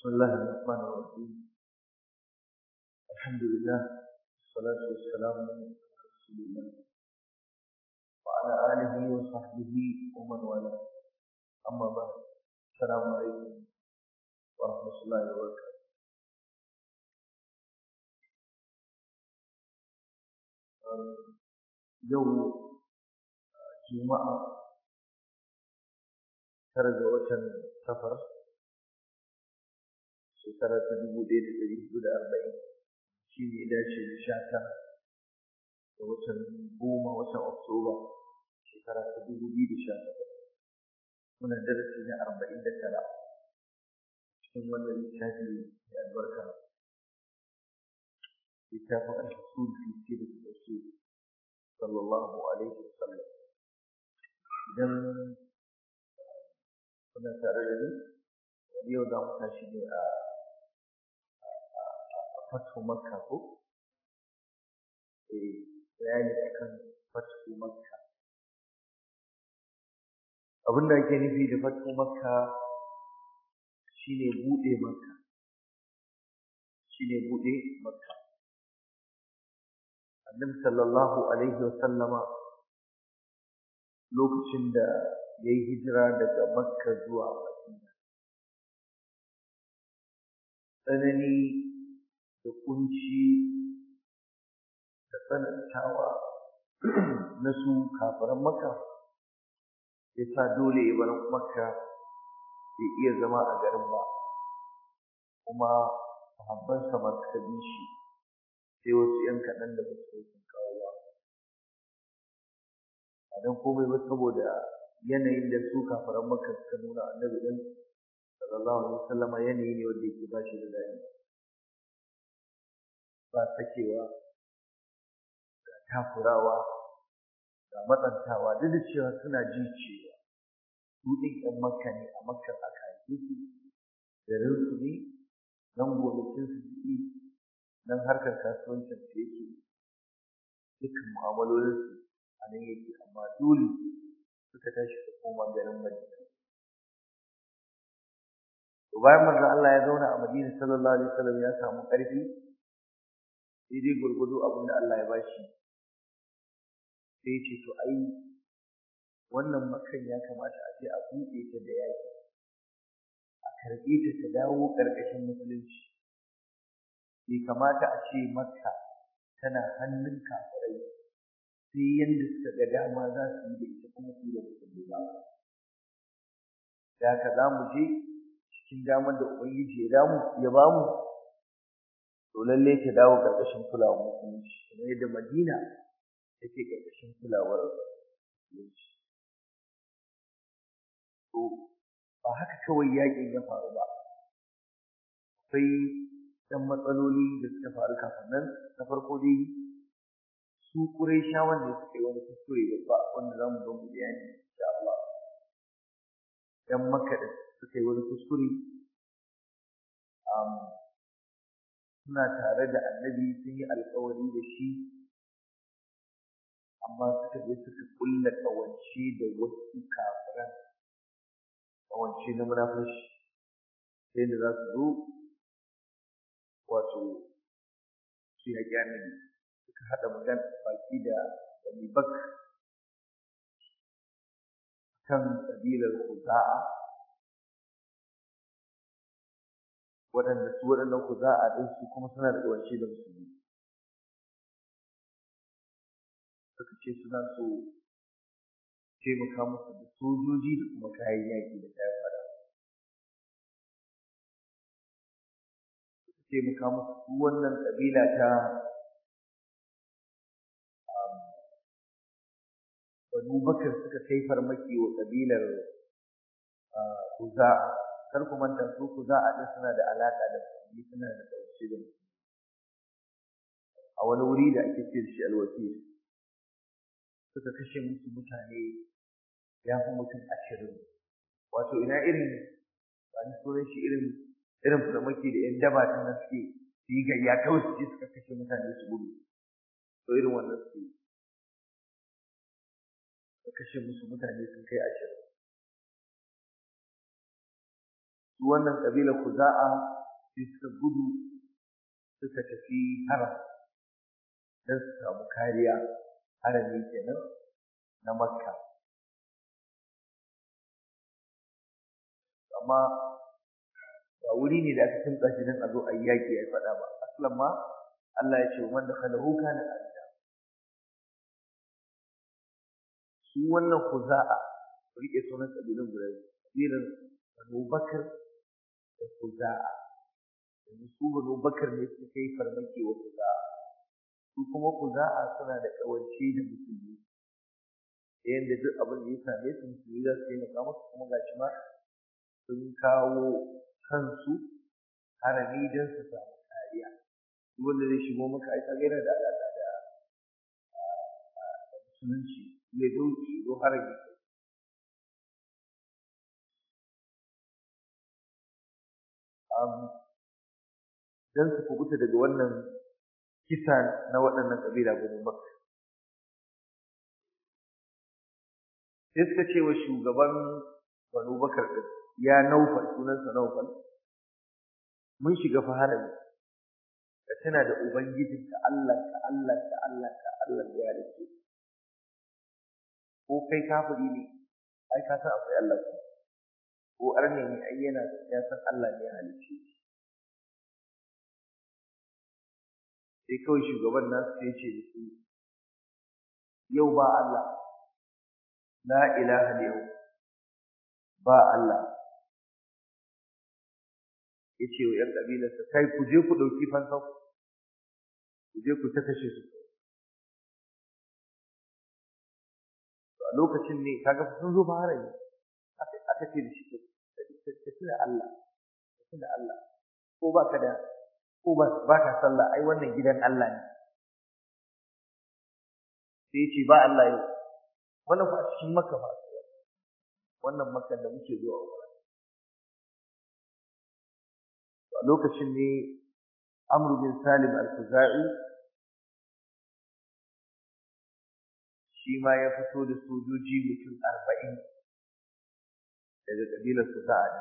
بسم الله الرحمن الرحيم الحمد لله والصلاة والسلام على رسول الله وعلى آله وصحبه ومن والاه أما بعد السلام عليكم ورحمة الله وبركاته آه، يوم آه، جمعة خرج وتن سفر shekara ta dubu ɗaya da ɗari hudu da arba'in shi ne dace da sha tara da watan goma watan oktoba shekara ta dubu biyu da sha takwas muna darasi na arba'in da tara cikin wannan littafi mai albarka littafin al-usul fi sirat al sallallahu alaihi wasallam idan uh, kuna tare da ni yau za mu tashi ne a fatu makka ko eh bayani akan fatu makka abinda ake nufi da fatu makka shine bude makka shine bude makka annabi sallallahu alaihi wasallama lokacin da yayi hijira daga makka zuwa madina tsanani da kunci da tsanantawa na su kafaran maka ya sa dole ya bar maka ya iya zama a garin ba kuma sahabbansa ba suka bi shi sai wasu ‘yan kaɗan da basu kai sun kawo ba a don komai ba saboda yanayin da su kafaran maka suka nuna annabi ɗin sallallahu alaihi wasallama yanayi ne wanda yake ba shi da daɗi ba sakewa ga takurawa ga matsantawa duk da cewa suna ji cewa su ɗin ɗan makka ne a makka aka haife su garin su ne nan gonakin su ji nan harkar kasuwancin su yake dukkan su a nan yake amma dole suka tashi su koma garin madina bayan manzo Allah ya zauna a Madina sallallahu alaihi wasallam ya samu ƙarfi sai dai gwargwado abin da Allah ya bashi sai ce to ai wannan makan ya kamata a je a buɗe ta da yaƙi a karɓe ta ta dawo ƙarƙashin musulunci bai kamata a ce makka tana hannun kafirai sai yadda suka ga dama za su yi da ita kuma su da musulmi ba da haka za mu je cikin damar da ubangiji ya damu ya bamu to lalle ta dawo ƙarƙashin kulawar musulunci kamar yadda Madina take ƙarƙashin kulawar musulunci to ba haka kawai yaƙin ya faru ba akwai ɗan matsaloli da suka faru kafin nan na farko dai su Quraysha wanda suka yi wani kuskure babba wanda za mu zo mu bayani insha Allah dan makaɗa suka wani kuskure suna tare da annabi sun yi alkawari da shi amma suka je suka kulle kawance da wasu kafiran kawance na munafashi sai da za su zo wato su yaƙi annabi suka haɗa magana baki da bani kan ƙabilar kuza'a waɗanda su waɗannan ku za a ɗauki kuma suna da ƙawance da musulmi suka ce suna so taimaka musu da sojoji da kuma kayan yaƙi da kayan fada suka taimaka musu su wannan ƙabila ta um, Banu Bakar suka kai farmaki wa ƙabilar uh, Kuza'a kar ku manta su ku za a din suna da alaka da su suna da kauce da a wani wuri da ake ce shi alwakil suka kashe musu mutane ya fi mutum ashirin wato ina irin ba ni sunan shi irin irin fulamaki da yan daba ta nan suke su yi gayya kawai su suka kashe mutane su gudu to irin wannan su kashe musu mutane sun kai ashirin su wannan kabila kuza'a sai suka gudu suka tafi haram don su samu kariya harami kenan na makka amma ba wuri ne da aka tunta shi don a zo a yi yaƙi a faɗa ba aslan ma Allah ya ce wa man dakhalahu kana amina shi wannan ku kuza'a riƙe sunan ƙabilun guda biyu kabilan Abu Bakar da kuza'a yanzu su banu bakar ne su kai farmaki wa kuza'a su kuma kuza'a suna da ƙawance da musulmi yadda duk abin da ya same su musulmi za su taimaka musu kuma gashi ma sun kawo kansu harami don su samu kariya duk wanda zai shigo maka ai kaga yana da alaƙa da ah, musulunci zai dauki zo harami don su kubuta daga wannan kisa na waɗannan ƙabila gudun Makka. sai suka ce wa shugaban banu bakar ɗin ya naufal sunansa naufal mun shiga fa harami ka tana da ka Allah ka Allah ka Allah ka Allah ya rike ko kai kafiri ne ai ka san akwai Allah kuma Uwar arne ne ai yana ya san Allah ne ya halicce shi sai kawai shugaban nasu sai ce da su yau ba Allah la ilaha yau ba Allah Ya ce wa 'yan ƙabilarsa, kai ku je ku ɗauki fansan ku je ku ta kashe su a lokacin ne kaga sun zo ba harayi aka ce da shi ka tuna Allah ka tuna Allah ko ba ka da ko ba ka sallah ai wannan gidan Allah ne sai ce ba Allah yau wannan fa cikin makka ba wannan makka da muke zuwa a lokacin ne Amr bin Salim al-Khuzai shi ma ya fito da sojoji mutum arba'in daga kabilar su sa'ad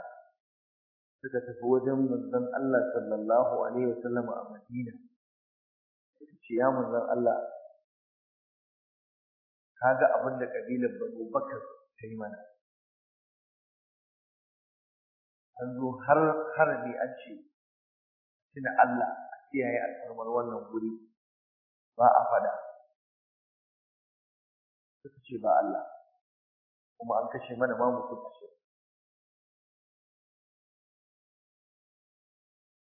suka tafi wajen manzon Allah sallallahu alaihi wasallam a Madina suka ce ya manzon Allah kaga abin da kabilar Banu Bakar ta yi mana an zo har harbi an ce tuna Allah a kiyaye alfarmar wannan guri ba a fada suka ce ba Allah kuma an kashe mana ma musu ashirin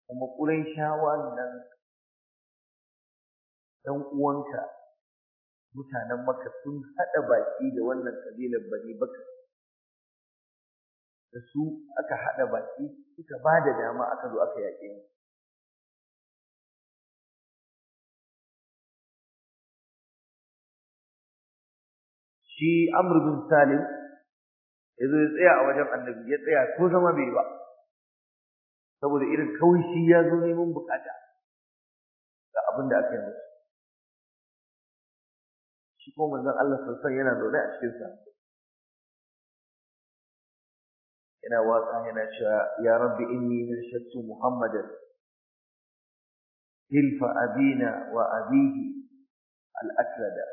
kuma ƙurayshawan nan ɗan uwanka mutanen maka sun haɗa baki da wannan kabilar bani baka da su aka haɗa baki suka ba da dama aka zo aka yaƙe mu shi amr bin salim ya zo ya tsaya a wajen annabi ya tsaya ko zama bai ba saboda irin kawai shi ya zo neman bukata ga abin da aka yi musu shi ko manzon Allah sassan yana zaune a cikin sa yana waka yana cewa ya rabbi inni nashattu muhammadan hilfa abina wa abihi al-aslada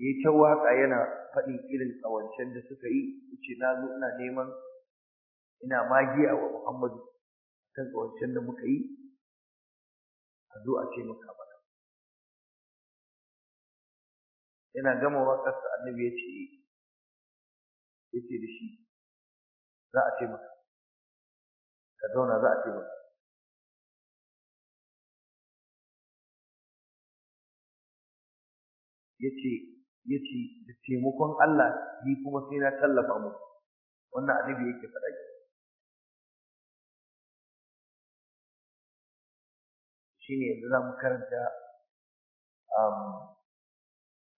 yayi ta waka yana faɗin irin tsawancen da suka yi yace na zo ina neman ina magiya wa Muhammadu kan kawancin da muka yi a zo a taimaka mana yana gama waƙarsa annabi ya ce ya ce da shi za a taimaka ka zauna za a taimaka ya ce ya ce da taimakon Allah ni kuma sai na tallafa mu wannan annabi yake faɗa ki shine yanzu za mu karanta um,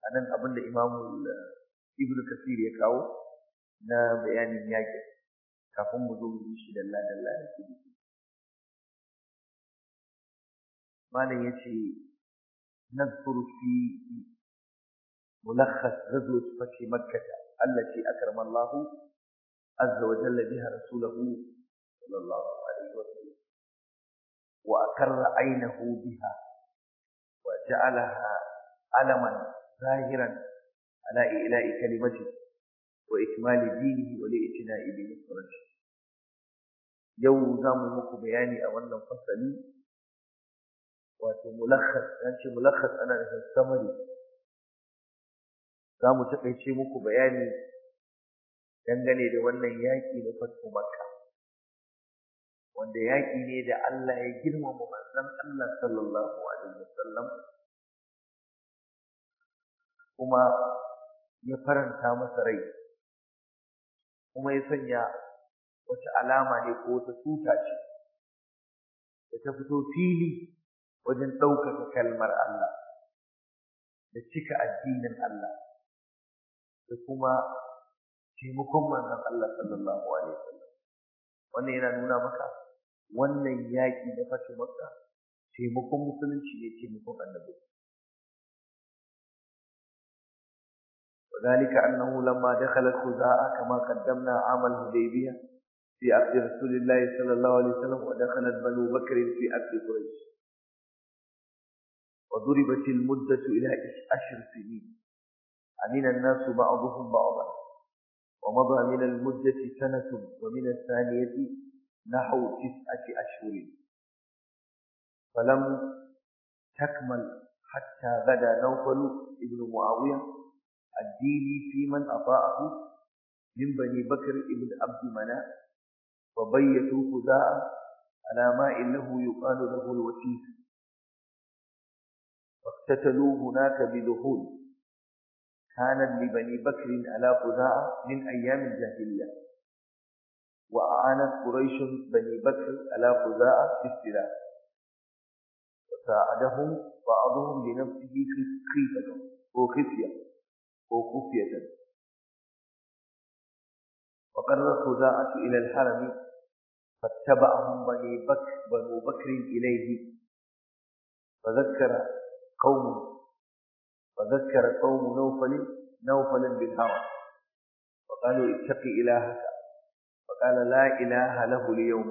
a nan abin da imamu kasir ya kawo na bayanin yaƙi kafin mu zo mu shi dalla dalla da shi malam ya ce nadhkuru fi ملخص غزوة فتح مكة التي أكرم الله عز وجل بها رسوله صلى الله عليه وسلم وأقر عينه بها وجعلها علما ظاهرا على إعلاء كلمته وإكمال دينه ولإتناء بنصرته yau za mu muku bayani a wannan fasali wato mulakhas an ce mulakhas ana za mu taƙaice muku bayani dangane da wannan yaƙi na fatu makka wanda yaƙi ne da Allah ya girmama manzon Allah sallallahu alaihi wasallam kuma ya faranta masa rai kuma ya sanya wata alama ne ko wata tuta ce da ta fito fili wajen ɗaukaka kalmar Allah da cika addinin Allah da kuma taimakon manzon Allah sallallahu alaihi wasallam wannan yana nuna maka wannan yaƙi na fashe makka taimakon musulunci ne taimakon annabi وذلك أنه لما دخلت خزاعة كما قدمنا عام الهديبية في عهد رسول الله صلى الله عليه وسلم ودخلت بنو بكر في عهد قريش وضربت المدة إلى عشر سنين أمن الناس بعضهم بعضا ومضى من المدة سنة ومن الثانية نحو تسعة أشهر فلم تكمل حتى بدا نوفل ابن معاوية الديني في من أطاعه من بني بكر ابن عبد مناف وبيتوا خزاعة على ماء له يقال له الوسيس واقتتلوا هناك بدخول كانت لبني بكر على خزاعة من أيام الجاهلية وأعانت قريش بني بكر على خزاعة في السلاح وساعدهم بعضهم لنفسه خيفة وخفية وخفية وقرر خزاعة إلى الحرم فاتبعهم بني بكر بنو بكر إليه فذكر قوم فذكر قوم نوفل نوفلا بالهرم وقالوا اتقي إلهك فقال لا إله له اليوم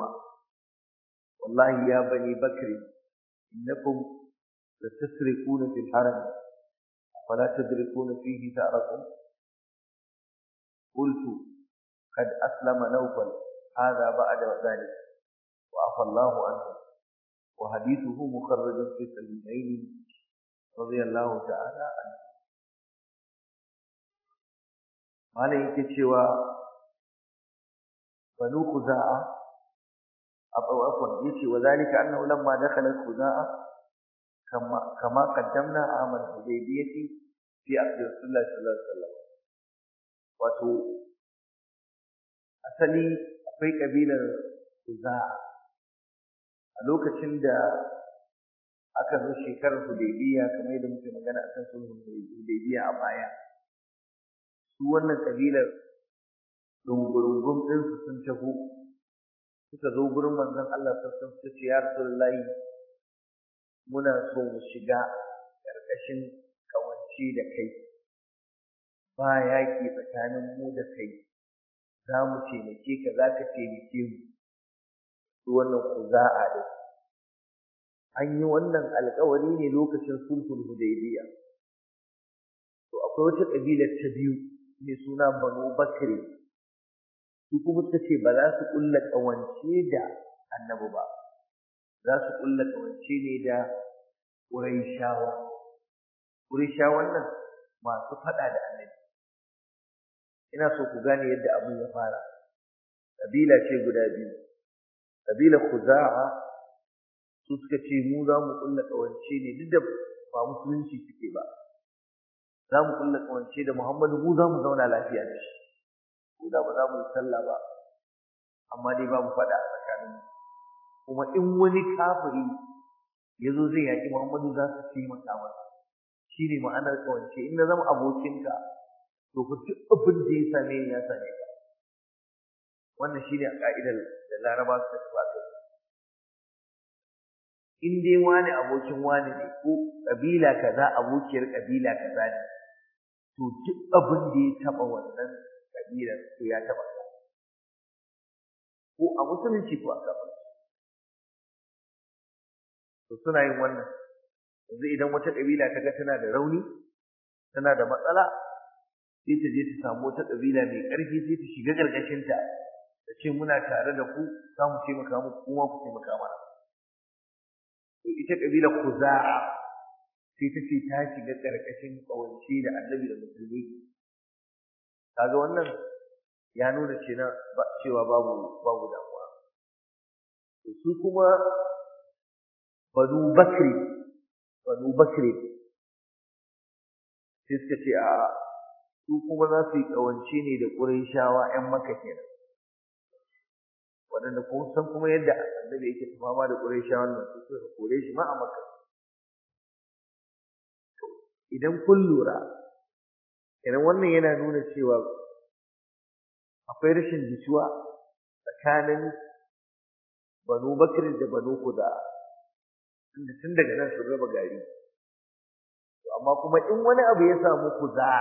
والله يا بني بكر إنكم لتسرقون في الحرم فلا تدركون فيه ثأركم قلت قد أسلم نوفل هذا بعد ذلك وعفى الله عنه وحديثه مخرج في الصحيحين رضي الله تعالى عنه ما yake cewa banu khuza'a abu afwan yace wa zalika annahu lamma dakhala khuza'a kama kama qaddamna amal hudaybiyati fi abd rasulullah sallallahu alaihi wasallam wato asali akwai kabilar khuza'a a lokacin da aka zo shekarar hudaybiya kamar yadda muke magana akan sulhun hudaybiya a baya su wannan kabilar dungurungun ɗinsu sun taho suka zo gurin manzon Allah sassan su ce ya Rasulullahi muna so mu shiga ƙarƙashin ƙawance da kai ba yaƙi tsakanin mu da kai za mu taimake ka za ka taimake mu su wannan a da an yi wannan alƙawari ne lokacin sulhul hudaybiya to akwai wata ƙabilar ta biyu mai suna banu bakri su kuma suka ce ba za su kulla kawance da annabi ba za su kulla kawance ne da ƙurayshawa ƙurayshawan nan masu faɗa da annabi ina so ku gane yadda abin ya fara kabila ce guda biyu kabila khuza'a su suka ce mu za mu kulla kawance ne duk da ba musulunci suke ba za mu kulla kawance da Muhammadu mu za mu zauna lafiya da shi ko da ba za mu yi sallah ba amma dai mu faɗa a tsakanin kuma in wani kafiri ya zo zai yaƙi Muhammadu za su taimaka masa shi ne ma'anar kawance in na zama abokinka to ku duk abin da ya same ni ya same ka wannan shi ne a ƙa'idar da laraba suka tafi a kai in dai wani abokin wani ne ko ƙabila kaza abokiyar ƙabila kaza ne to duk abin da ya taɓa wannan kabilar sai ya taba ka ko a musulunci ko a kafirci to suna yin wannan yanzu idan wata kabila ta ga tana da rauni tana da matsala sai ta je ta samu wata kabila mai ƙarfi sai ta shiga gargashinta ta ce muna tare da ku za mu taimaka muku kuma ku taimaka mana to ita kabila za'a sai ta ce ta shiga ƙarƙashin ƙawance da annabi da musulmi kaga wannan ya nuna ba cewa babu babu damuwa su kuma banu bakri banu bakri sai suka ce a su kuma za su yi kawance ne da ƙurayshawa ƴan maka kenan waɗanda kun san kuma yadda annabi yake tafama da ƙurayshawan nan su suka kore shi ma a maka idan kun lura Idan wannan yana nuna cewa akwai rashin jituwa tsakanin Banu Bakr da Banu Kuda inda tun daga nan sun raba gari amma kuma in wani abu ya samu Kuda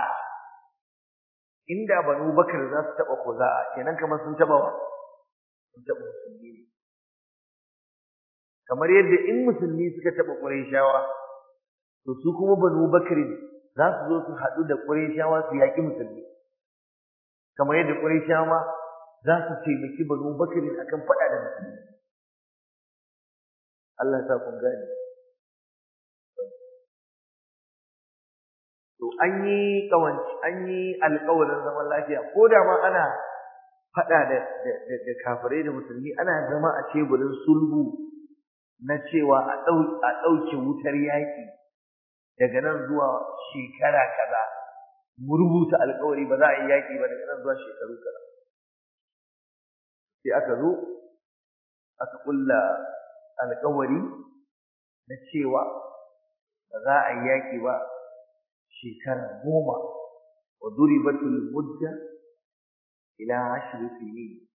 inda Banu Bakr za su taba Kuda kenan kamar sun taba wa sun taba musulmi ne kamar yadda in musulmi suka taba shawa, to su kuma Banu Bakr za su zo su haɗu da ƙurayshawa su yaƙi musulmi kamar yadda ƙurayshawa za su taimaki bakari a akan faɗa da musulmi Allah ta sa kun gane to an yi ƙawanci an yi alƙawarin zaman lafiya ko da ma ana faɗa da da kafirai da musulmi ana zama a teburin sulhu na cewa a ɗauke wutar yaƙi daga nan zuwa shekara kaza mu rubuta alƙawari ba za a yi yaƙi ba daga nan zuwa shekaru kaza sai aka zo aka kulla alƙawari na cewa ba za a yi yaƙi ba shekara goma wa batul mudda ila ashiru sinin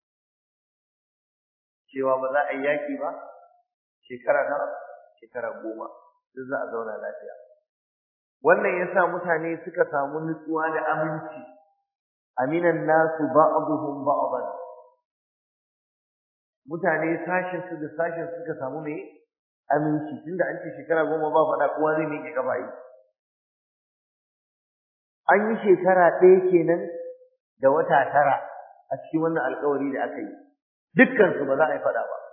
cewa ba za a yi yaƙi ba shekara na shekara goma duk za a zauna lafiya wannan yasa mutane suka samu nutsuwa da aminci aminan nasu ba'dhum ba'dan mutane sashin su da sashin suka samu mai aminci tunda an ce shekara goma ba faɗa kowa zai miƙe gaba yi an yi shekara ɗaya kenan da wata tara a cikin wannan alƙawari da aka yi dukkan su ba za a yi faɗa ba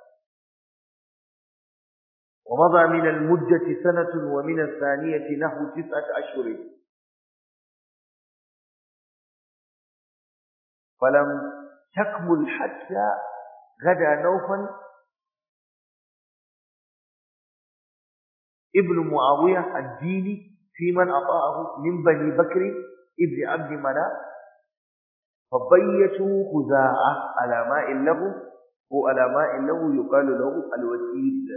ومضى من المدة سنة ومن الثانية نحو تسعة أشهر فلم تكمل حتى غدا نوفل ابن معاوية الديني في من أطاعه من بني بكر ابن عبد مناف فبيتوا خزاعة على ماء له وعلى ماء له يقال له الوسيل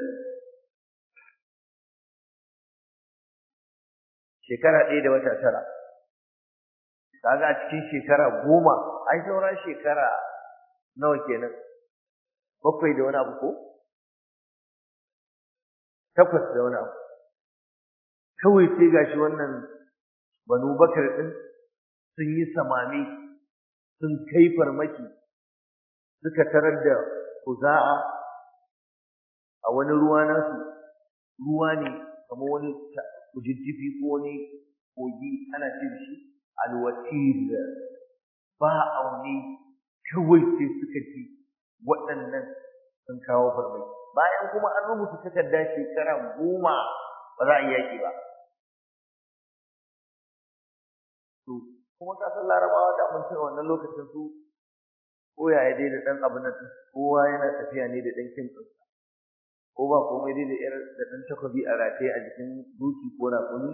shekara ɗaya da wata tara kaga a cikin shekara goma ai sauran shekara nawa kenan bakwai da wani abu ko takwas da wani abu kawai sai gashi wannan banu bakar ɗin sun yi samami sun kai farmaki suka tarar da kuza'a a wani ruwa nasu ruwa ne kamar wani jijjifi ko wani kogi ana ce shi alwatir ba auni kawai sai suka ji waɗannan sun kawo farmaki bayan kuma an rubuta takarda shekara goma ba za a yi yaƙi ba to kuma san larabawa da mun cewa wannan lokacin su koya dai da ɗan abin nan kowa yana tafiya ne da ɗan kin ɗinsa ko ba komai dai da yar da ɗan takobi a rataye a jikin duki ko na kuni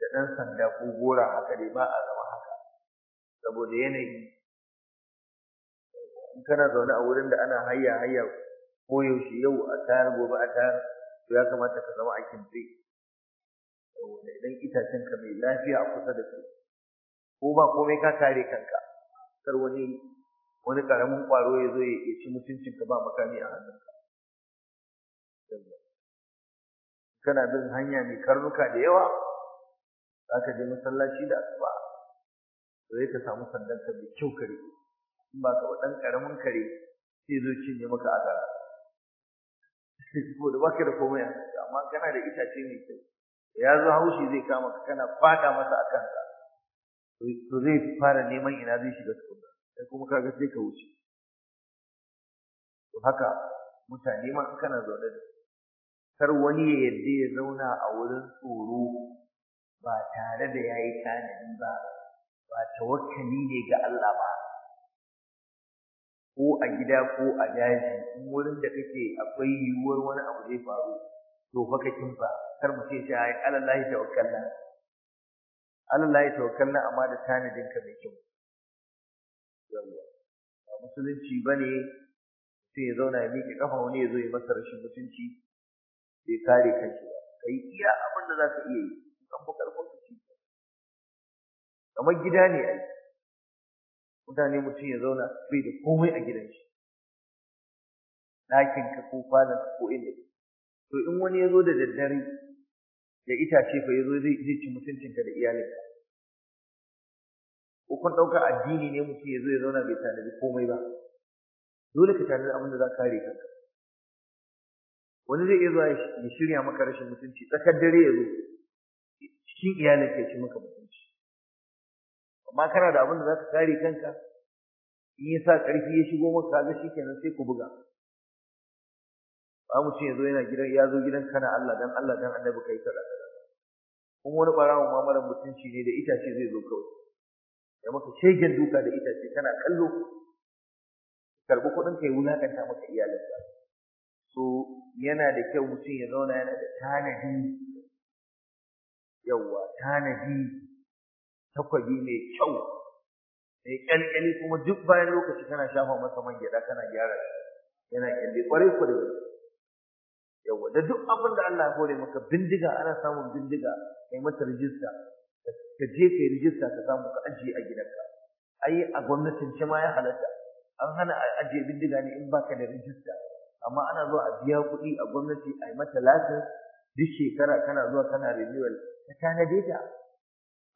da ɗan sanda ko gora haka dai ba a zama haka saboda yanayi in kana zaune a wurin da ana hayya hayya ko yaushe yau a tayar gobe a tayar to ya kamata ka zama a kimtse saboda idan itacen ka mai lafiya a kusa da su ko ba komai ka kare kanka kar wani wani karamin kwaro ya zo ya ci mutuncinka ba makami a hannunka kana bin hanya mai karnuka da yawa Za ka je masallaci da asuba sai ka samu sandan ka mai kyau kare in ba ka waɗan ƙaramin kare sai zo cinye maka azara saboda ka da komai amma kana da itace mai kyau ya zo haushi zai kama ka kana fada masa a kanka to zai fara neman ina zai shiga tukunna sai kuma kaga sai ka wuce to haka mutane ma kana zaune da su kar wani ya yadda ya zauna a wurin tsoro ba tare da ya yi tanadi ba ba tawakkali ne ga Allah ba ko a gida ko a daji in wurin da kake akwai yiwuwar wani abu zai faru to fa ka kimfa kar mu ce sai alallahi tawakkalna alallahi tawakkalna amma da tanadin ka mai kyau yawa ba musulunci bane sai ya zauna ya miƙe kafa wani ya zo ya masa rashin mutunci bai kare kanki ba kai iya abin da za iya yi kan fi karfin kamar gida ne ai mutane mutum ya zauna bai da komai a gidan shi ɗakin ka ko falon ko inda to in wani ya zo da daddare da itace fa ya zo zai ci mutuncinka da iyalinka ko kun ɗauka addini ne mutum ya zo ya zauna bai tanadi komai ba dole ka tanadi abin da za ka kare kanka wani zai iya zuwa ya shirya maka rashin mutunci tsakar dare ya zo cikin iyalin ya ci maka mutunci amma kana da abin da za ka kare kanka in ya sa ƙarfi ya shigo maka kaga kenan sai ku buga ba mutum ya zo yana gidan ya zo gidan kana Allah dan Allah dan annabi kai kaza kuma wani ɓarawon ma mutunci ne da itace zai zo kawai ya maka shegen duka da itace kana kallo karɓi kuɗin ka ya wulakanta maka iyalinka so yana da kyau mutum ya zauna yana da tanadi yawa tanadi takwabi mai kyau mai ƙyanƙyani kuma duk bayan lokaci kana shafa masa man gyaɗa kana gyara yana kyalle ƙwarai ku da da duk abin da Allah ya kore maka bindiga ana samun bindiga kai mata rijista ka je kai rijista ka samu ka ajiye a gidanka ai a gwamnatin ce ma ya halatta an hana ajiye bindiga ne in baka da rijista amma ana zuwa a biya kuɗi a gwamnati a yi mata lasin duk shekara kana zuwa kana renewal ta tanade ta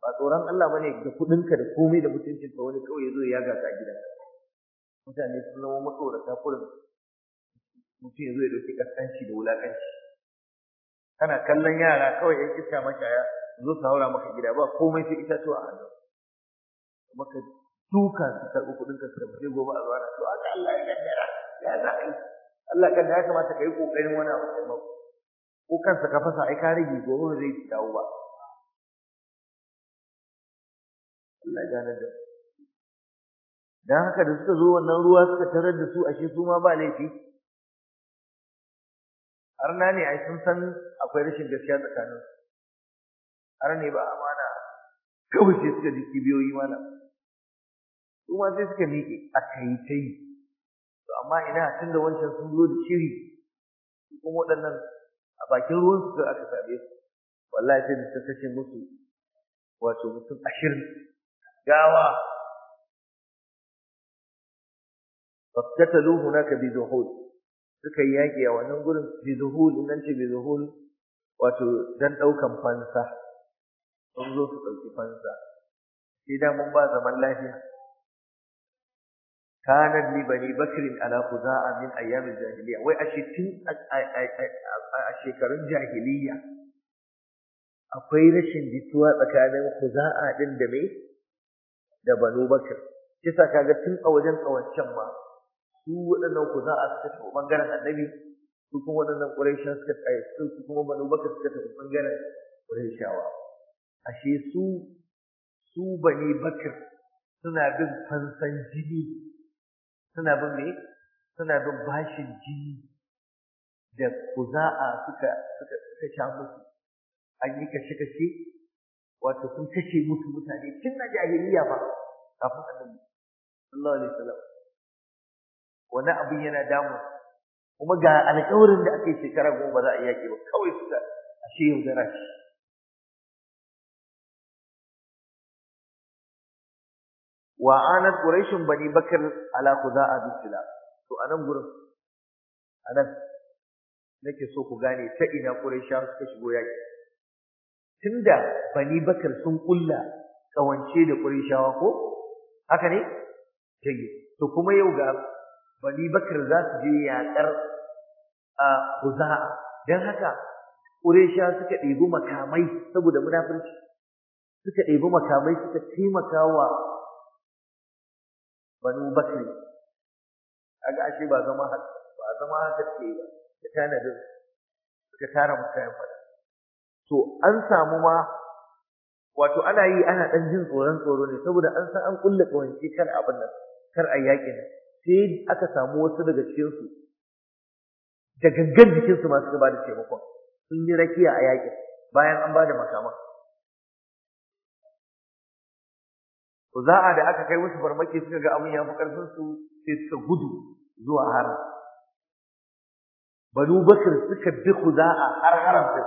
ba tsoron Allah ba ne da kuɗinka da komai da mutuncin ka wani kawai ya zo ya gasa gida. mutane sun zama matsorata kurin mutum ya zo ya ɗauki kaskanci da wulaƙanci kana kallon yara kawai yan iska mashaya zo su haura maka gida ba komai sai itatuwa a hannu maka tuka su karɓi kuɗinka su karɓi gobe a zuwa na to Allah ya gaddara ya za a yi Allah kan da ya kamata ka yi ƙoƙarin wani abu kai mako ko kansa ka fasa ai ka rage gobe zai dawo ba Allah gane da dan haka da suka zo wannan ruwa suka tarar da su ashe su ma ba laifi Har na ne ai sun san akwai rashin gaskiya tsakanin Har ne ba amana kawai sai suka ji kibiyoyi mana su ma sai suka miƙe a kai yi. to amma ina tunda wancan sun zo da shiri kuma waɗannan a bakin ruwan su aka same su wallahi sai ta kashe musu wato mutum ashirin gawa Fakkataluhu hunaka bi zuhul suka yi yaƙi a wannan gurin bi zuhul nan ce bi zuhul wato dan ɗaukan fansa sun zo su ɗauki fansa sai da mun ba zaman lafiya kanat li bani bakrin ala qudaa min ayyam jahiliya wai ashe tun shekarun jahiliya akwai rashin jituwa tsakanin qudaa din da me da banu bakr kisa kaga tun a wajen kawancan ma su waɗannan qudaa suka tafi bangaren annabi su kuma waɗannan quraishan suka tafi su kuma banu bakr suka tafi bangaren quraishawa ashe su su suna bin fansan jini suna bin me suna bin bashin jini da kuza'a suka suka suka sha musu an yi kashe kashe wato sun kashe musu mutane tun na jahiliya ba kafin annabi sallallahu alaihi wasallam wani abin yana damu kuma ga alƙawarin da aka yi shekara goma ba za a yi yaƙi ba kawai suka ashe yaudara shi wa anat quraishun bani bakr ala khuza'a bisila to anan gurin anan nake so ku gane ta ina quraisha suka shigo yaki tunda bani bakr sun kulla kawance da quraishawa ko haka ne tayi to kuma yau ga bani bakr za su je yakar a khuza'a dan haka quraisha suka ɗebi makamai saboda munafurci suka ɗebi makamai suka taimaka wa banu bakri kaga ashe ba zama haka ba zama haka ce ba da tanadin ta tara mutane fada to an samu ma wato ana yi ana dan jin tsoron tsoro ne saboda an san an kulle kawance kar abin nan kar a yaƙi nan sai aka samu wasu daga cikin su da gangan jikin su ma suka bada taimakon sun yi rakiya a yaƙin bayan an bada makaman Kuza'a da aka kai musu farmaki suka ga abin ya fi ƙarfin su sai suka gudu zuwa haram. Banu bakir suka bi za'a har haram ta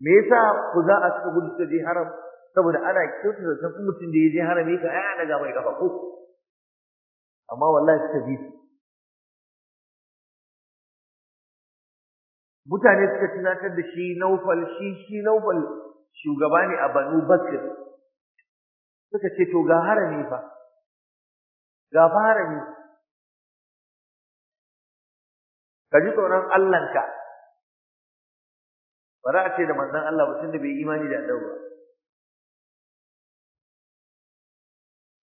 Me yasa za'a suka gudu suka je haram? Saboda ana kyautata san mutum da ya je haram ya ai ana ga mai kafa ko. Amma wallahi suka bi su. Mutane suka tunatar da shi Naufal shi shi Naufal shugaba ne a Banu bakir suka ce to ga harami fa ga harami ka ji tsoron Allahnka ba za a ce da manzon Allah ba tunda bai imani da Allah ba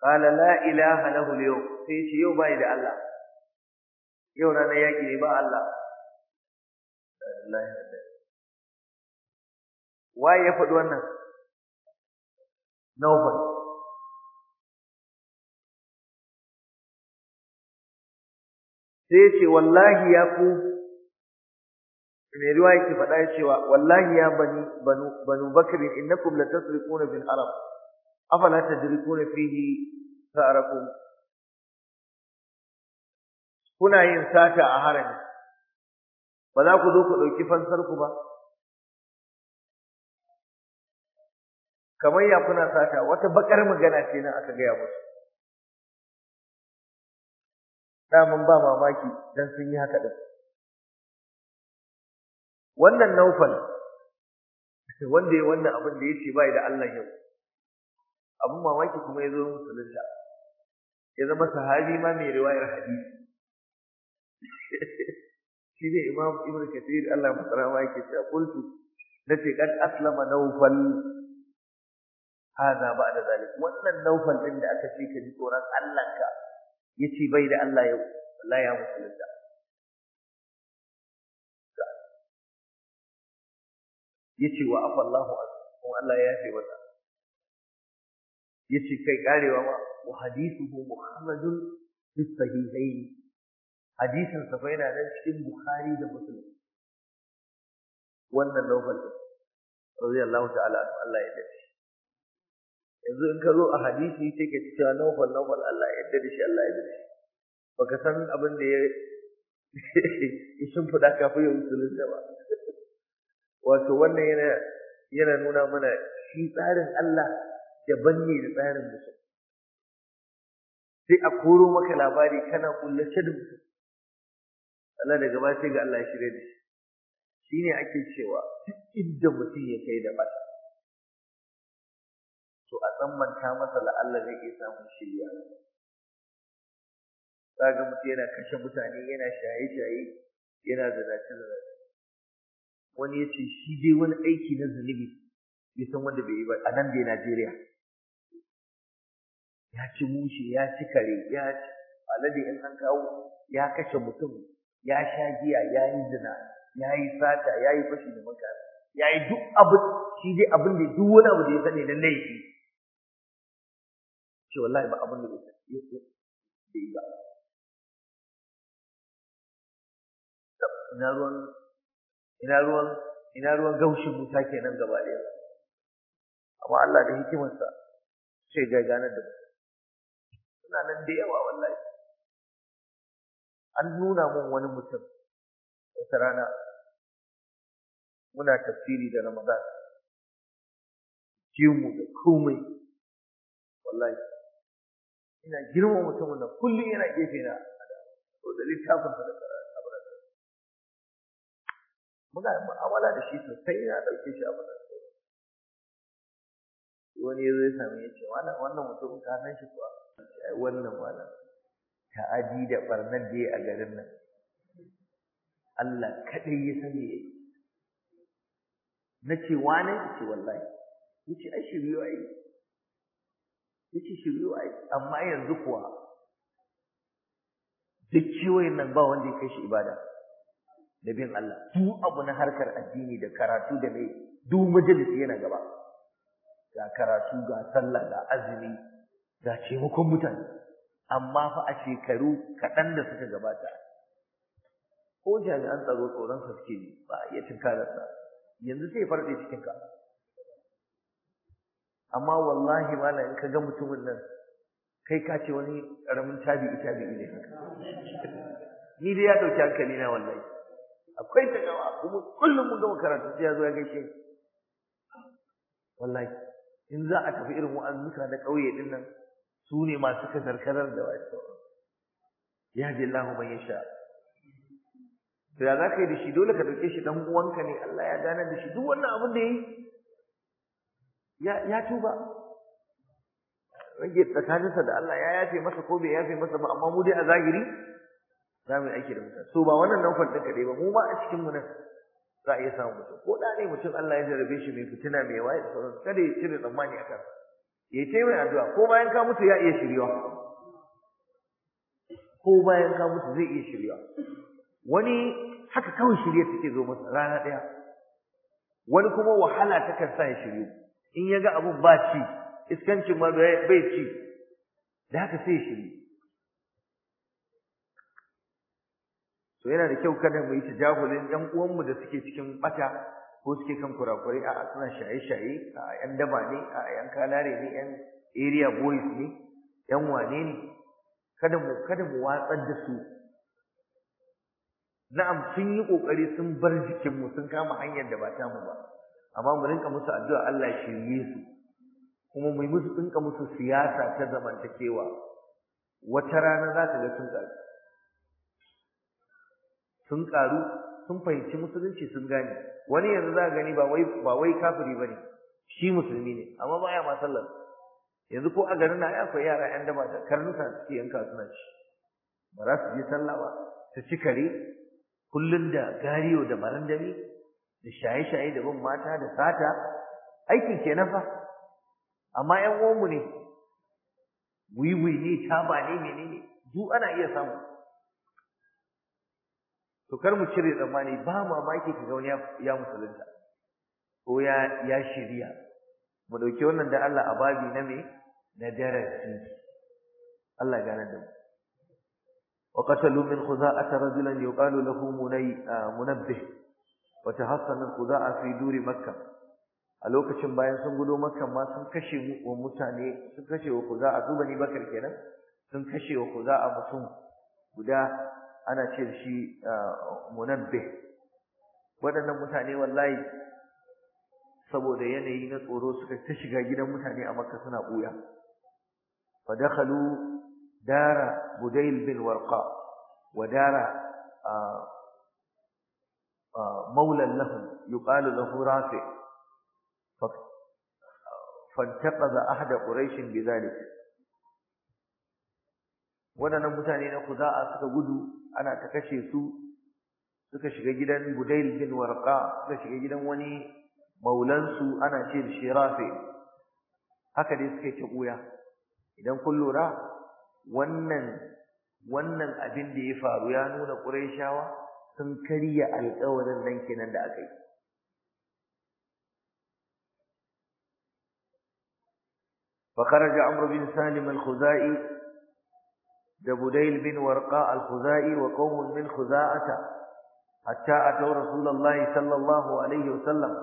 qala la ilaha lahu al sai ce yau bai da Allah yau na yaki ne ba Allah waye ya faɗi wannan Nobel sai ce wallahi ya ku mai ruwa yake faɗa cewa wallahi ya bani banu banu bakri innakum tasriquna bil arab afala tadrikuna fihi sa'arakum kuna yin sata a harami ba za ku zo ku ɗauki fansar ku ba kamar ya kuna sata wata bakar magana ce nan aka gaya musu daman ba mamaki dan sun yi haka din wannan naufal wanda ya wannan abin da yace bai da Allah yau Abu mamaki kuma yazo musulunta ya zama sahabi ma mai riwayar hadisi shi ne imam ibnu kathir Allah masarama yake cewa qultu nace kan aslama naufal hada ba'da zalik wannan naufal din da aka ce ka ji tsoron Allah ka yace bai da Allah yau Allah ya musulunta yace wa afa Allahu kuma Allah ya yafe masa yace kai karewa ma wa hadithuhu muhammadun fi sahihayn hadisin sa yana nan cikin bukhari da muslim wannan lokacin radiyallahu ta'ala Allah ya dace yanzu in ka zo a hadisi sai ka ci cewa nawfal nawfal Allah ya dade shi Allah ya yarda baka san abin da ya ya shimfiɗa kafin ya musulun da ba wato wannan yana yana nuna mana shi tsarin Allah daban ne da tsarin mutum sai a koro maka labari kana kullace da mutum Allah daga ba sai ga Allah ya shirye da shi shine ake cewa duk inda mutum ya kai da bata to a tsammanta masa la'alla zai iya samun shirya ga mutum yana kashe mutane yana shaye-shaye yana zanace-zanace wani ya ce shi dai wani aiki na zunubi ya san wanda bai yi ba a nan dai Najeriya ya ci mushe ya ci kare ya ci alade in an kawo ya kashe mutum ya sha giya ya yi zina ya yi sata ya yi fashi da mutane ya yi duk abin shi dai abin da duk wani abu da ya sani na laifi shi wallahi ba abin da da bai ba ina ruwan ina ruwan ina ruwan gaushin wuta kenan gaba ɗaya amma Allah da hikimarsa sai gane da suna nan da yawa wallahi an nuna mun wani mutum wata rana muna tafsiri da Ramadan jimu da komai wallahi ina girma mutum wanda kullum yana gefe na to da littafin sa da karatu muna da shi sosai na dauke shi a matsayin wani ya zai sami ya ce wannan wannan mutum ka san shi kuwa ai wannan malam adi da barnan da ya a garin nan Allah kadai ya sani ya na ce wane ya ce wallahi ya ce ai a ai yake shiryu ai amma yanzu kuwa duk kiwoyin nan ba wanda ya kai shi ibada da bin Allah duk abu na harkar addini da karatu da mai duk majalisi yana gaba ga karatu ga sallah ga azumi ga taimakon mutane amma fa a shekaru kaɗan da suka gabata ko jami'an tsaro tsoron sa suke ba ya tunkararsa yanzu sai farɗe cikin ka amma wallahi mala in ka ga mutumin nan kai ka ce wani karamin tabi'i tabi'i ne ni dai ya dauki hankali na wallahi akwai ta gawa kuma kullum mun ga karatu sai ya zo ya gaishe wallahi in za a tafi irin wa'azuka na ƙauye din nan su ne masu kazar-kazar da wasu ya ji Allahu man yasha da ya za ka yi da shi dole ka dauke shi dan uwanka ne Allah ya gane da shi duk wannan abin da yi. ya tuba rage tsakaninsa da Allah ya yafe masa ko bai yafe masa ba amma mu dai a zahiri za mu yi aiki da mutane so ba wannan nan kwantin kaɗai ba mu ma a cikin mu nan za a iya samun mutum ko da ne mutum Allah ya jarabe shi mai fitina mai waye da sauransu kada ya cire tsammani a kan ya ce mai addu'a ko bayan ka mutu ya iya shiriwa ko bayan ka mutu zai iya shiriwa wani haka kawai shirye take zo masa rana ɗaya wani kuma wahala takan sa ya shiryu in ya ga abun ba ci iskancin ma bai ci da haka sai shi to yana da kyau kada mu yi tajahulin ɗan uwanmu da suke cikin bata ko suke kan kurakurai a suna shaye-shaye a yan daba ne a yan kalare ne yan area boys ne yan wane ne kada mu kada mu watsar da su na'am sun yi kokari sun bar jikinmu sun kama hanyar da ba ta mu ba amma mu rinka musu addu'a Allah shi yi su kuma mu yi musu rinka musu siyasa ta zamantakewa wata rana za ta ga sun karu sun karu sun fahimci musulunci sun gane wani yanzu za ka gani ba wai ba wai kafiri bane shi musulmi ne amma baya ma sallar yanzu ko a garin na ya koyi yara yan daba da karnuka suke yanka suna ci ba za su je sallah ba Ta ci kare kullum da gariyo da barandami da shaye-shaye da bin mata da sata aikin kenan fa amma ƴan uwanmu ne wiwi ne taba ne menene duk ana iya samu to kar mu cire tsammani ba mamaki ka ga wani ya musulunta ko ya ya shirya mu dauki wannan da Allah a babi na me na darasi Allah gane da mu وقتلوا من خزاعة رجلا يقال له منبه wata hassanin ku za a fi duri makka a lokacin bayan sun gudo makka ma sun kashe wa mutane sun kashe wa ku za a zuba ni bakar kenan sun kashe wa ku za a mutum guda ana ce da shi bai waɗannan mutane wallahi saboda yanayi na tsoro suka ta shiga gidan mutane a makka suna ɓuya fa dakhalu dara budayl bin warqa wa dara مولى لهم يقال له رافع فانتقذ أحد قريش بذلك waɗannan mutane na kuza'a suka gudu ana ta kashe su suka shiga gidan Budayl bin Warqa suka shiga gidan wani maulansu ana ce da shi haka dai suka ta ɓuya idan kun lura wannan abin da ya faru ya nuna Qurayshawa sun karya alƙawarin nan kenan da aka yi فخرج عمرو بن سالم الخزائي دبديل بن ورقاء الخزائي وقوم من خزاعة حتى أتوا رسول الله صلى الله عليه وسلم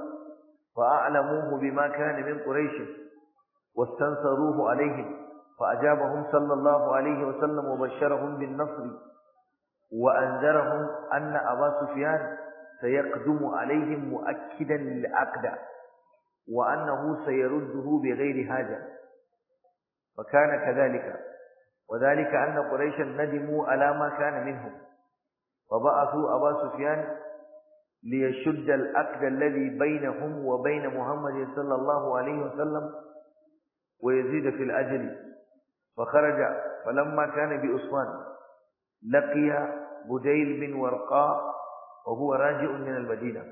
فأعلموه بما كان من قريش واستنصروه عليهم فأجابهم صلى الله عليه وسلم وبشرهم بالنصر وأنذرهم أن أبا سفيان سيقدم عليهم مؤكدا للعقد وأنه سيرده بغير هذا فكان كذلك وذلك أن قريشا ندموا على ما كان منهم فبعثوا أبا سفيان ليشد العقد الذي بينهم وبين محمد صلى الله عليه وسلم ويزيد في الأجل فخرج فلما كان بأسوان لقي بديل بن ورقاء وهو راجع من المدينة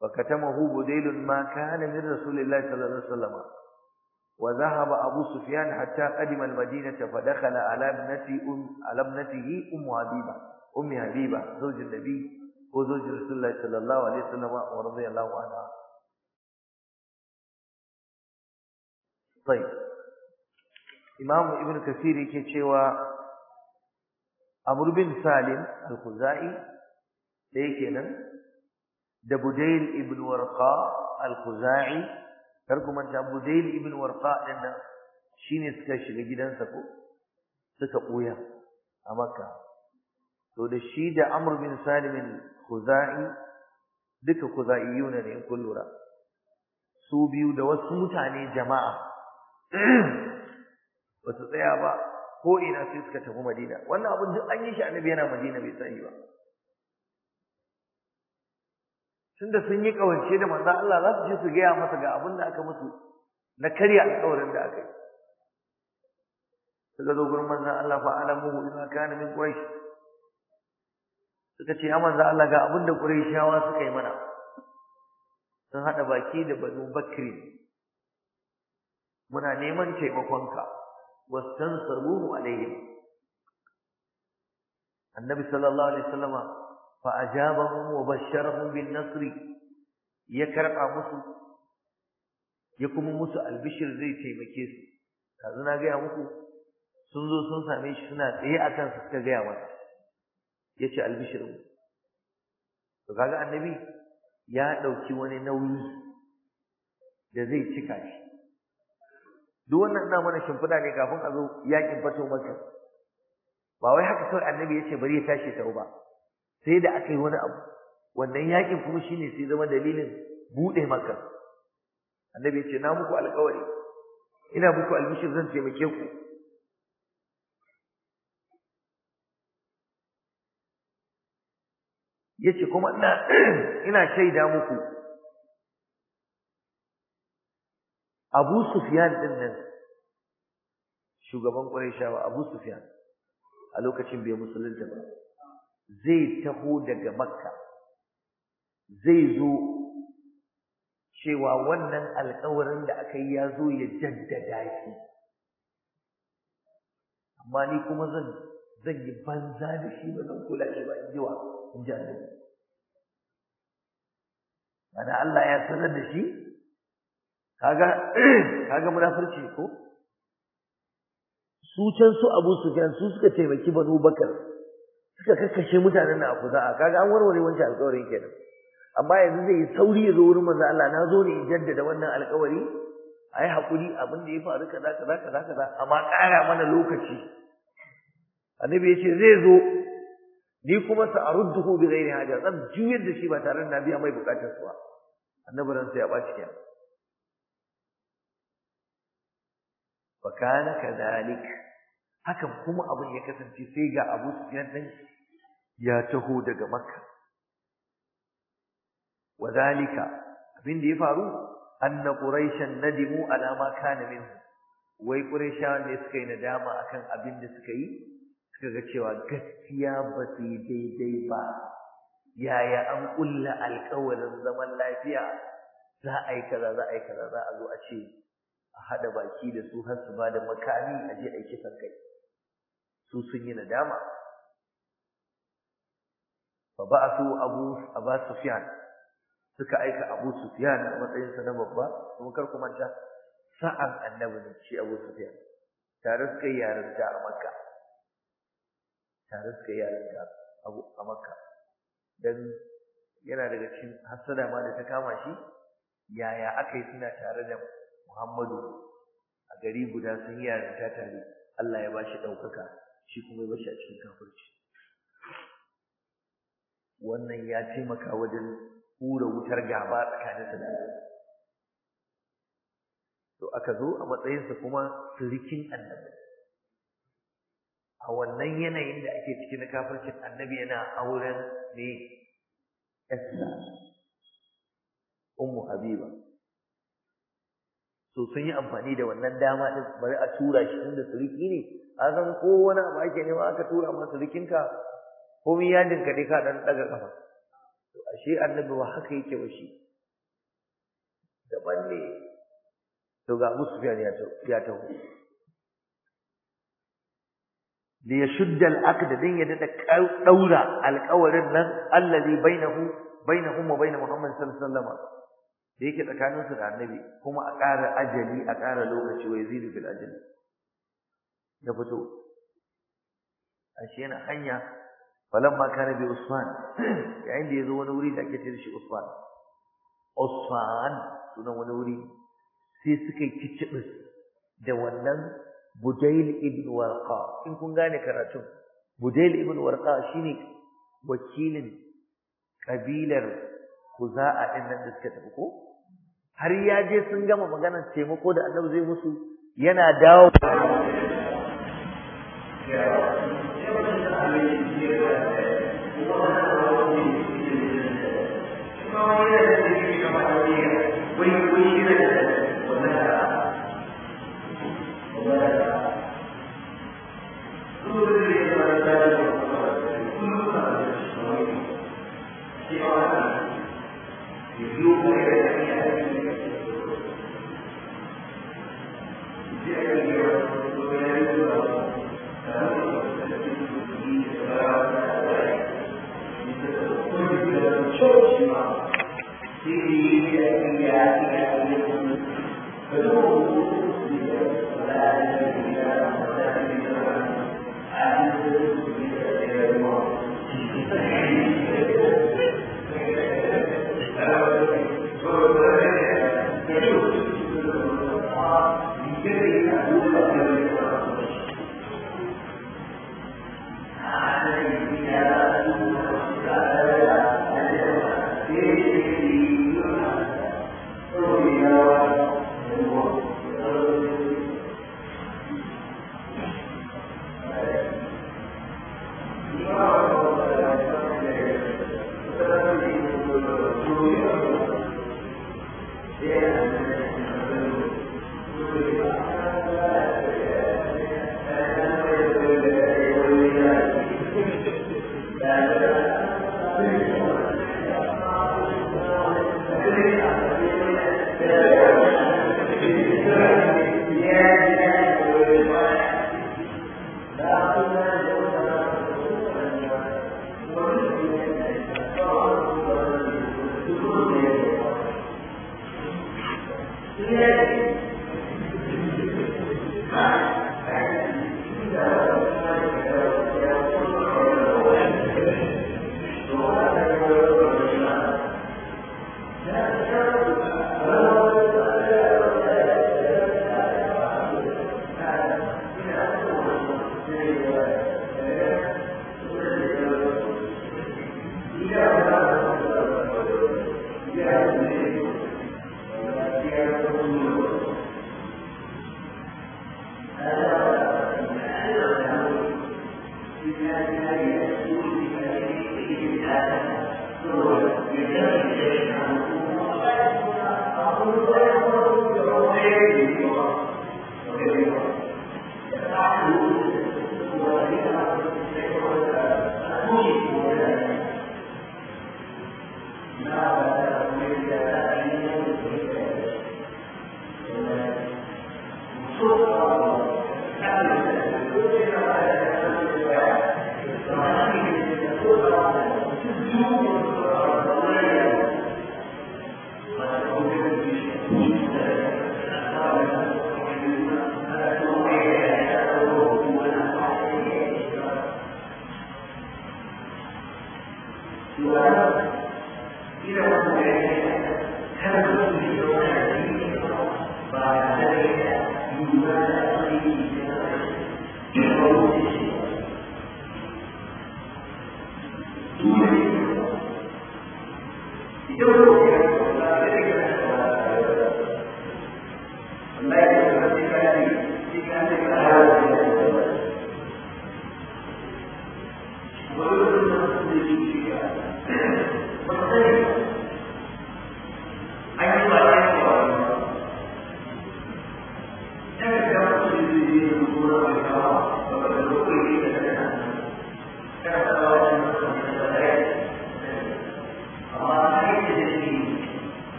فكتمه بديل ما كان من رسول الله صلى الله عليه وسلم وذهب أبو سفيان حتى قدم المدينة فدخل على ابنته أم على ابنته أم حبيبة أم حبيبة زوج النبي وزوج رسول الله صلى الله عليه وسلم ورضي الله عنها طيب إمام ابن كثير yake amr bin salim al-khuzai dai kenan da budayl ibn warqa al-khuzai kar kuma da budayl ibn warqa din nan shine suka shiga gidansa ko suka koya a makka to da shi da amr bin salim al-khuzai duka khuzaiyuna ne in kun lura su biyu da wasu mutane jama'a ba su tsaya ba ko ina sai suka tafi Madina wannan abin duk an yi shi annabi yana Madina bai sani ba tunda sun yi kawance da manzo Allah za su je su gaya masa ga abin da aka musu na karya alƙawarin da aka yi suka zo gurin manzo Allah fa alamuhu idza kana min quraish suka ce ya manzo Allah ga abin da quraishawa suka yi mana sun hada baki da Banu Bakri muna neman taimakonka واستنصروه عليهم النبي صلى الله عليه وسلم فأجابهم وبشرهم بالنصر يكرق عمسو يكم عمسو البشر زي تيمكيس تازنا غي عمسو سنزو سنسا ميشنا ايه أكان ستا غي عمس يكي البشر فقال النبي يا لو كيواني نوي لذي تكاش duk wannan ina mana shimfiɗa ne kafin a zo yaƙin fato maka ba wai haka kawai annabi ya ce bari ya tashi tau ba sai da aka yi wani abu wannan yaƙin kuma shine sai zama dalilin buɗe maka annabi ya ce na muku alƙawari ina muku albishir zan taimake ku Ya ce kuma ina shaida muku Abu Sufyan din nan shugaban Qurayshawa Abu Sufyan a lokacin bai musulunta ba zai taho daga Makka zai zo cewa wannan alƙawarin da aka yi ya zo ya jaddada shi amma ni kuma zan zan yi banza da shi ba zan kula shi ba in ji wa in ji Allah ya sanar da shi kaga kaga munafurci ko su can su Abu Sufyan su suka taimaki Banu Bakar suka kakkashe mutanen na za'a kaga an warware wancan alƙawarin kenan amma yanzu zai yi sauri ya zo wurin manzo Allah na zo ne in jaddada wannan alƙawari ai hakuri abin da ya faru kaza kaza kaza kaza amma ƙara mana lokaci annabi yace zai zo ni kuma sa arudduhu bi ghairi haja zan juyar da shi ba tare da na biya mai buƙatar su ba annabi ran sai ya baci kenan fa kana kadhalik hakan kuma abin ya kasance sai ga Abu Sufyan din ya taho daga Makka wadhalika abin da ya faru anna quraishan nadimu ala ma kana wai quraishan ne suka yi nadama akan abin da suka yi suka ga cewa gaskiya ba su yi daidai ba yaya an kulla alƙawarin zaman lafiya za a yi kaza za a yi kaza za a zo a ce a haɗa baki da su har su ba da makami a je a kisan kai su sun yi nadama fa ba'athu abu aba sufyan suka aika abu sufyan a matsayin sa na babba kuma kar ku manta sa'an annabi ne shi abu sufyan tare suka yi yarinta a makka tare suka yi abu a makka dan yana daga cikin hasada ma da ta kama shi yaya aka yi suna tare da Muhammadu a gari guda sun yi yarinta tare Allah ya bashi ɗaukaka shi kuma ya bashi a cikin kafirci wannan ya taimaka wajen hura wutar gaba tsakaninsa da Allah to aka zo a matsayinsa kuma surikin annabi a wannan yanayin da ake cikin na kafircin annabi yana auren ne Esther ummu habiba to sun yi amfani da wannan dama din bari a tura shi inda suriki ne a san ko wani abu ake nema aka tura ma surikinka komai ya dinka dai ka dan daga kafa to ashe annabi wa haka yake wa shi daban ne to ga musufiyar ya taho da ya shudda al'aqda din ya dada daura alƙawarin nan allazi bainahu bainahum wa bain Muhammad sallallahu alaihi wasallam da yake su da annabi kuma a ƙara ajali a ƙara lokaci wai zidu bil ajal ya fito ashe yana hanya falamma kana bi usman yayin da ya zo wani wuri da ake tare shi usman usman sunan wani wuri sai suka yi kicibis da wannan budail ibn warqa in kun gane karatun budail ibn warqa shine wakilin kabilar kuza'a ɗin nan da suka tafi ko har ya je sun gama maganar taimako da annabi zai musu yana dawo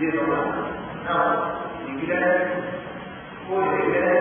zai zama da gida ko da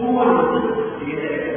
我是谁？